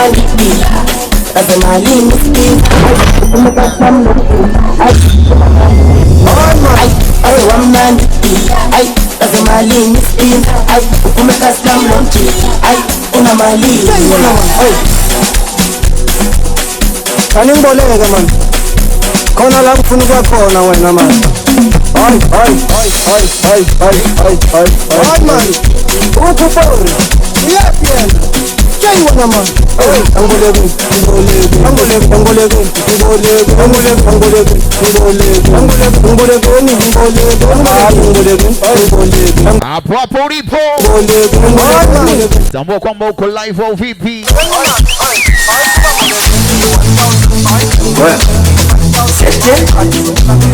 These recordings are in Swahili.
عالي فيها غصب علينا اي لازم عليه مسكين اي وكم كاسلام لونتي اي انا مالي اي kanimboleke ke mani khona la kufuna ukwakhona wena mani hayi hayi hayi hayi hayi hayi hayi hayi mani uthi upori uyapyena tell you what I'm on. Hey, Angolegun, Angolegun, Angolegun, Angolegun, Angolegun, Angolegun, Angolegun, Angolegun, live au vipi? Ilikuwa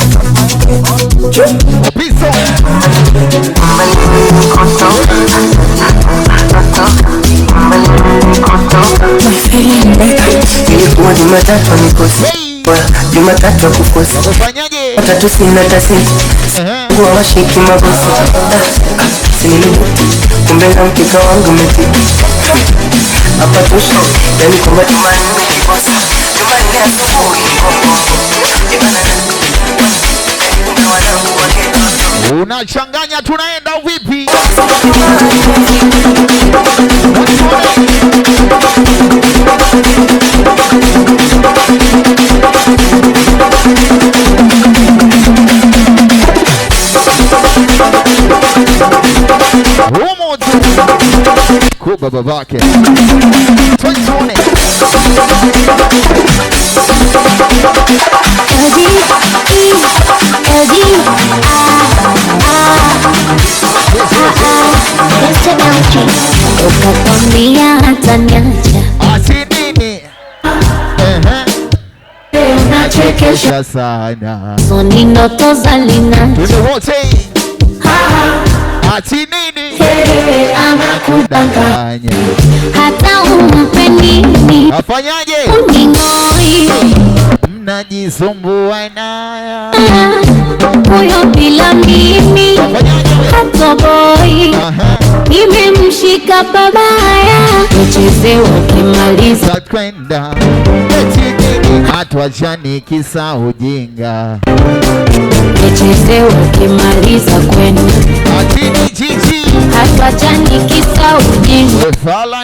Jumatatu nikosi Unachanganya, tunaenda vipi? Kwa baba bake tuone anakudanganya hata umpe nini, afanyaje? Uningoi, mnajisumbua naye ah, huyo bila mimi, hatoboi babaya, hatuachani, kisa ujinga, mcheze wakimaliza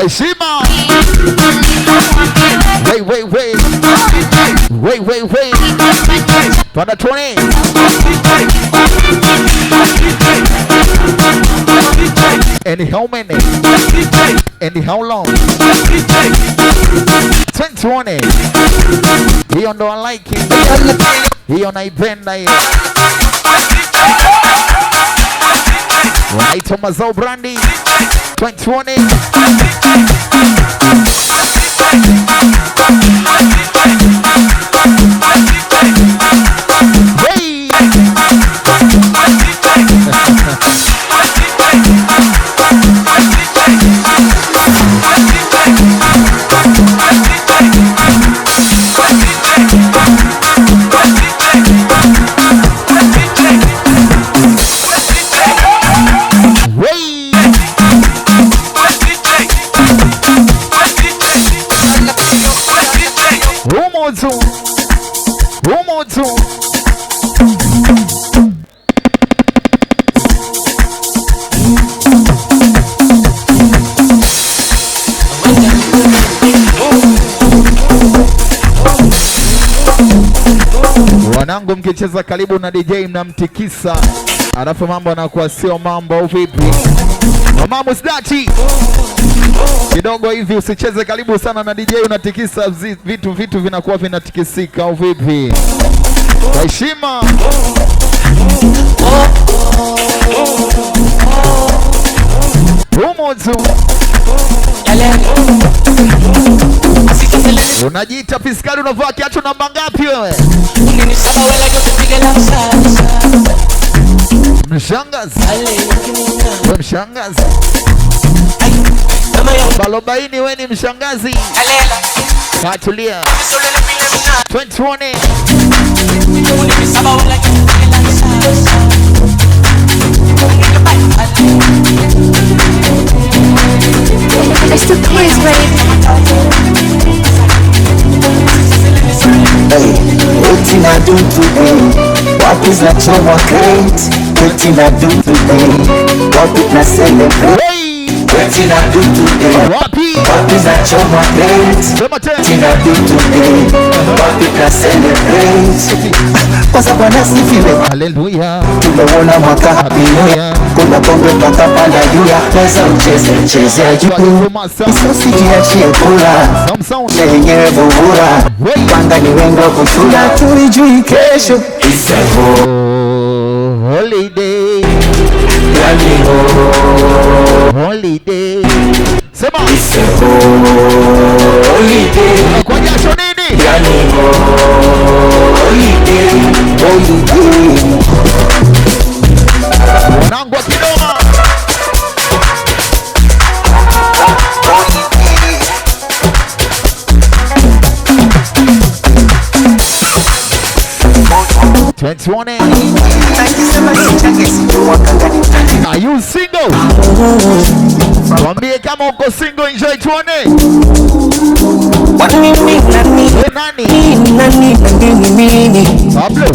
Wait, Wait, wait, wait. Wait, wait, wait. the twenty. And how many? And how long? 2020. He don't like it. He on a bend. wanaitwa Mazao Brandi 20 yangu mkicheza karibu na DJ mnamtikisa, alafu mambo anakuwa sio mambo, au vipi? Mamamu kidogo hivi, usicheze karibu sana na DJ, unatikisa vitu, vitu vinakuwa vinatikisika, au vipi? Kwa heshima umuzu Unajiita fiskali unavaa kiatu namba ngapi wewe? Mshangazi. mshangazi. Balobaini we ni mshangazi. Katulia. Hey, nothing I do today. What is not your great? What Nothing I do today. What did I celebrate? What Nothing I do today. What is not your great? What Nothing I do today. na haleluya. Tumeona mwaka hapia, kuna kombe mpaka panda juu ya meza, ucheze cheze ya juu, usijiachie kula na yenyewe bubura, panga ni wengo kushula, tuijui kesho holiday yaani holiday, sema holiday kwa jasho Twenty-one. Are you single? Kwambie kama uko single, enjoy twenty. What do you mean? Nani. Pablo.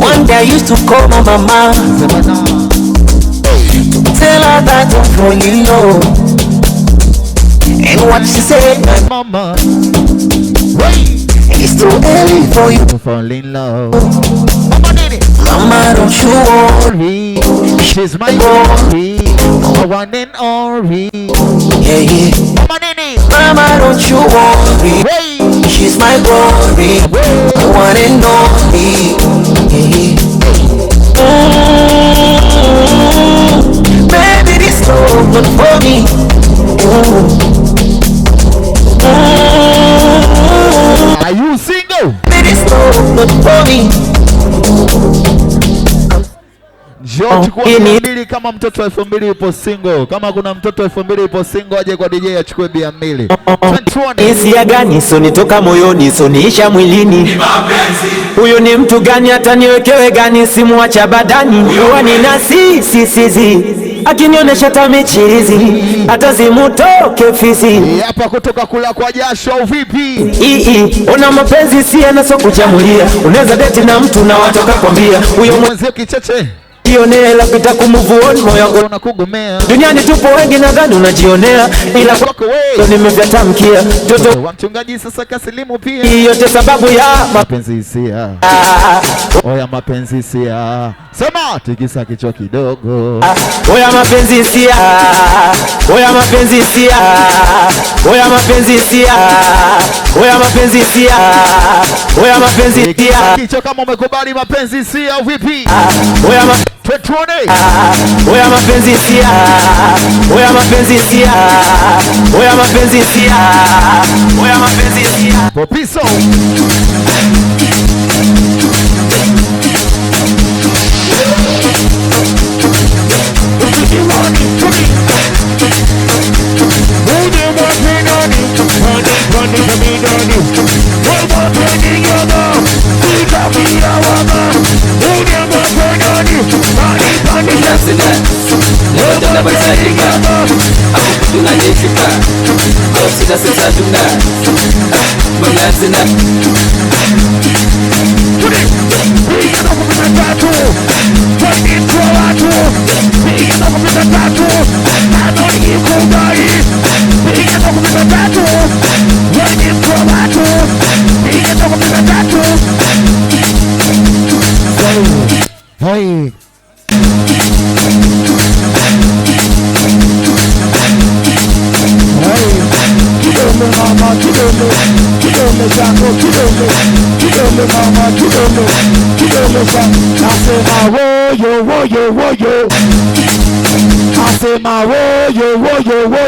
One day I used to call my mama. Tell her that I'm falling in love. And what she said, my mama. It's too early for you to fall in love. Mama, don't you worry. She's my worry. The one and only. Yeah, yeah. Mama, Mama, don't you worry. Wait. She's my glory, one and only. Baby, this love not for me. Are you single? Baby, this love not for me. oh, mbili kama mtoto wa elfu mbili yupo single. Kama kuna mtoto wa elfu mbili yupo single aje kwa DJ achukue bia mbili. Hisia gani sonitoka moyoni soniisha mwilini? Huyu ni mtu gani hata niwekewe gani simuacha badani? Huwa ni nasi sisizi akinionyesha tamichirizi hata zimutoke fizi Hapa kutoka kula kwa jasho vipi? Ii, ona mapenzi si anasokuchamulia. Unaweza deti na mtu na watoka kwambia huyo mwenzio kicheche Jionea ila pita kumove on, moyo wangu unakugomea. Duniani tupo wengi na gani unajionea, ila kwako wewe nimevyatamkia. Toto wa mchungaji sasa kasilimu pia. Yote sababu ya mapenzi hisia. Ah. Oya mapenzi hisia. Sema tikisa kichwa kidogo. Ah. Oya mapenzi hisia. Ah. Oya mapenzi hisia. Oya mapenzi hisia. Oya mapenzi hisia. Oya mapenzi hisia. Kichwa kama umekubali mapenzi hisia vipi? Oya mapenzi are my are my friends sia, wewe are my wewe mapenzi sia, wewe mapenzi sia, popiso Just a touch of that ah, Mınazdına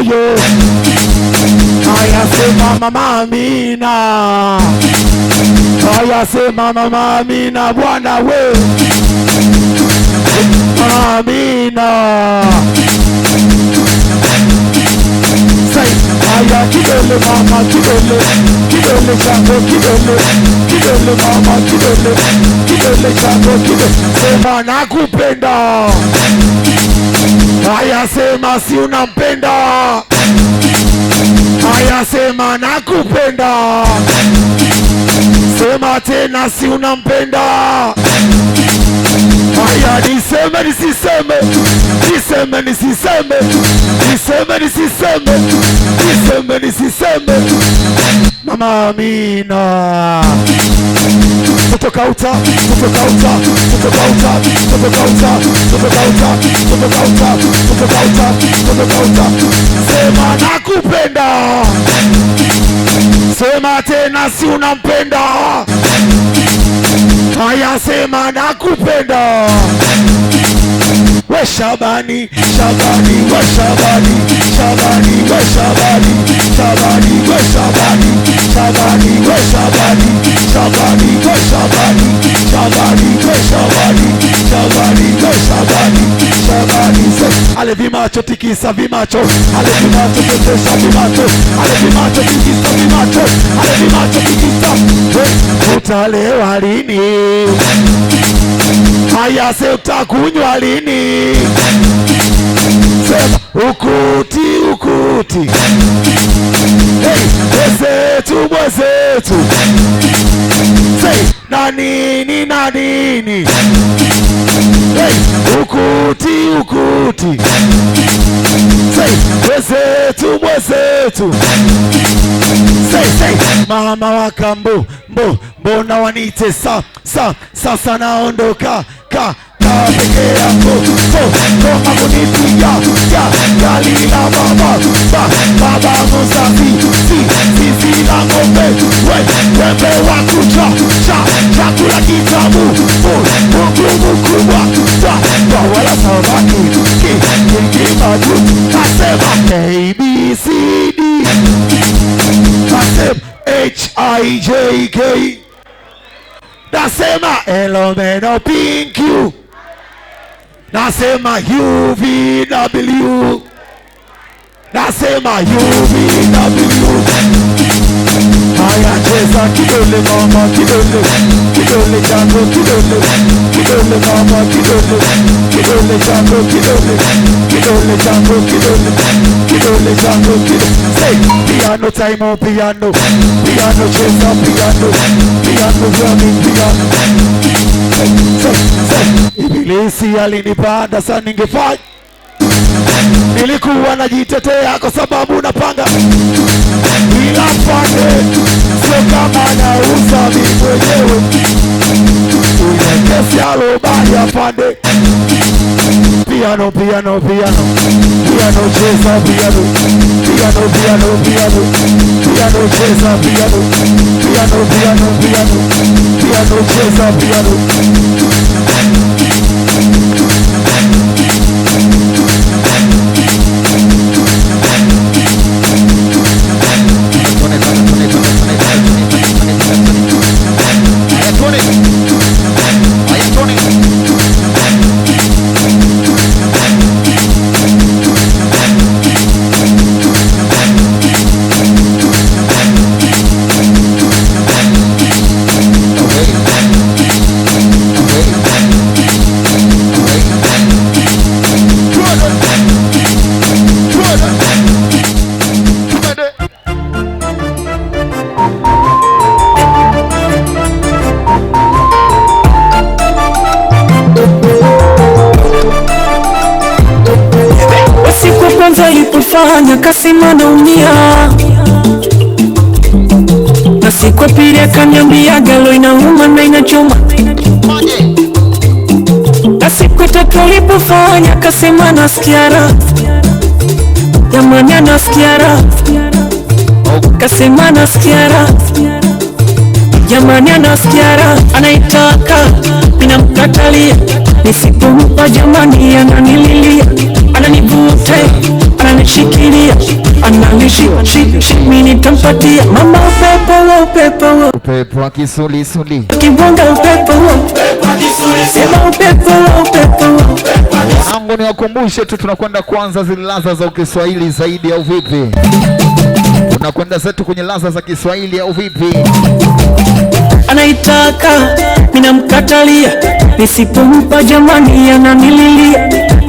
moyo haya, sema mama Amina, haya mama Amina, Bwana we Amina Baba kidole mama kidole kidole chako kidole kidole mama kidole kidole chako kidole sema nakupenda haya sema si unampenda haya sema nakupenda sema tena si unampenda Haya, niseme nisiseme, niseme nisiseme, niseme nisiseme, niseme nisiseme. Mama Amina kutoka uta kutoka uta kutoka uta kutoka uta kutoka uta kutoka uta kutoka uta kutoka uta, sema nakupenda, sema tena, si unampenda asema nakupenda we Shabani, Shabani, we Shabani, Shabani, we Shabani, Shabani, we Shabani, Shabani, we Shabani, Shabani, we Shabani, Shabani, we Shabani, Shabani, we Shabani, Shabani, ale vimacho tikisa vimacho, ale vimacho kutesha vimacho, ale vimacho tikisa vimacho, ale vimacho tikisa, utalewa lini? Haya, se utakunywa lini? ukuti ukuti mwenzetu hey, mwenzetu hey, na nini na nini hey, ukuti ukuti hey, mwenzetu mwenzetu hey, mama wa kambo mbo mbona wanite sa sa sasa naondoka ka pekera mutfa Korkma bu dünya ya Galina baba tutfa Babamıza fi fi fi fi la nobe tutfa Pepe wa kucha kucha la kita mu ful Kuku la kuba tutfa Bawala sama kutuski Kuki madu kasema A B C D Kasem H I J K Nasema elomeno pink you nasema UVW, nasema UVW. Haya, cheza kidole mama, kidole kidole changu, kidole kidole mama, kidole kidole changu, kidole kidole changu, kidole kidole changu, kidole Hey, piano time piano, piano cheza piano, piano drumming piano Ibilisi alinipanda sana, ningefanya nilikuwa najitetea kwa sababu napanga ila pande, sio kama nauza mimi mwenyewe, uelekesya robari Piano, piano, piano, piano, chesa, piano, piano, piano, piano, piano, chesa, piano, piano, piano, piano, piano, chesa, piano. akasema naumia, na siku ya pili akaniambia galo inauma na inachoma. Na siku ya tatu alipofanya akasema nasikia jamani anasikia raha, akasema jamani anasikia anaitaka ninamkatalia, nisipompa jamani ananililia, ananivuta ananishikilia ananishimi, nitampatia mama upepo, upepo upepo wa kisulisuli, kibonga upepo sema upepo upepo angu, niwakumbushe tu tunakwenda kuanza zile laza za Kiswahili zaidi au vipi? unakwenda zetu kwenye laza za Kiswahili au vipi? Anaitaka minamkatalia, nisipompa jamani ananililia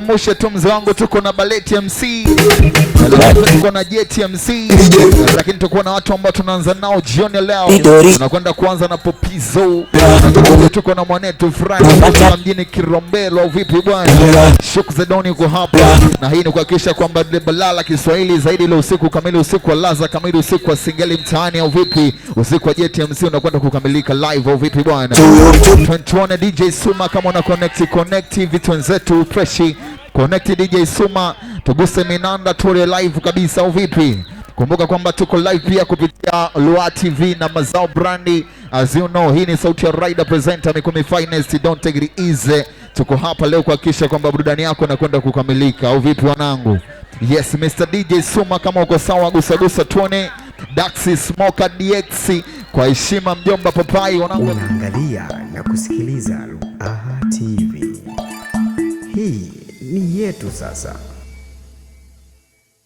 nikukumbushe tu mzee wangu, tuko na Ballet MC, tuko na Jet MC, lakini tuko na watu ambao tunaanza nao jioni ya leo. Tunakwenda kuanza na Popizo, tuko na mwanetu Frank mjini Kirombero. Vipi bwana, shuku za doni uko hapa, na hii ni kuhakikisha kwamba balala Kiswahili zaidi ile usiku kamili, usiku wa laza kamili, usiku wa singeli mtaani au vipi, usiku wa Jet MC unakwenda kukamilika live au vipi bwana. Tuone DJ Suma kama una connect connect vitu wenzetu freshi Connect DJ Suma, tuguse minanda, tuwe live kabisa au vipi? Kumbuka kwamba tuko live pia kupitia Lua TV na Mazao Brandi. As you know, hii ni sauti ya Rider presenter Mikumi Finest, don't take it easy. Tuko hapa leo kuhakikisha kwamba burudani yako inakwenda kukamilika, au vipi wanangu? Yes, Mr DJ Suma, kama uko sawa, gusagusa tuone. Daxi Smoker DX, kwa heshima mjomba Papai. Unaangalia na kusikiliza Lua TV hii ni yetu sasa.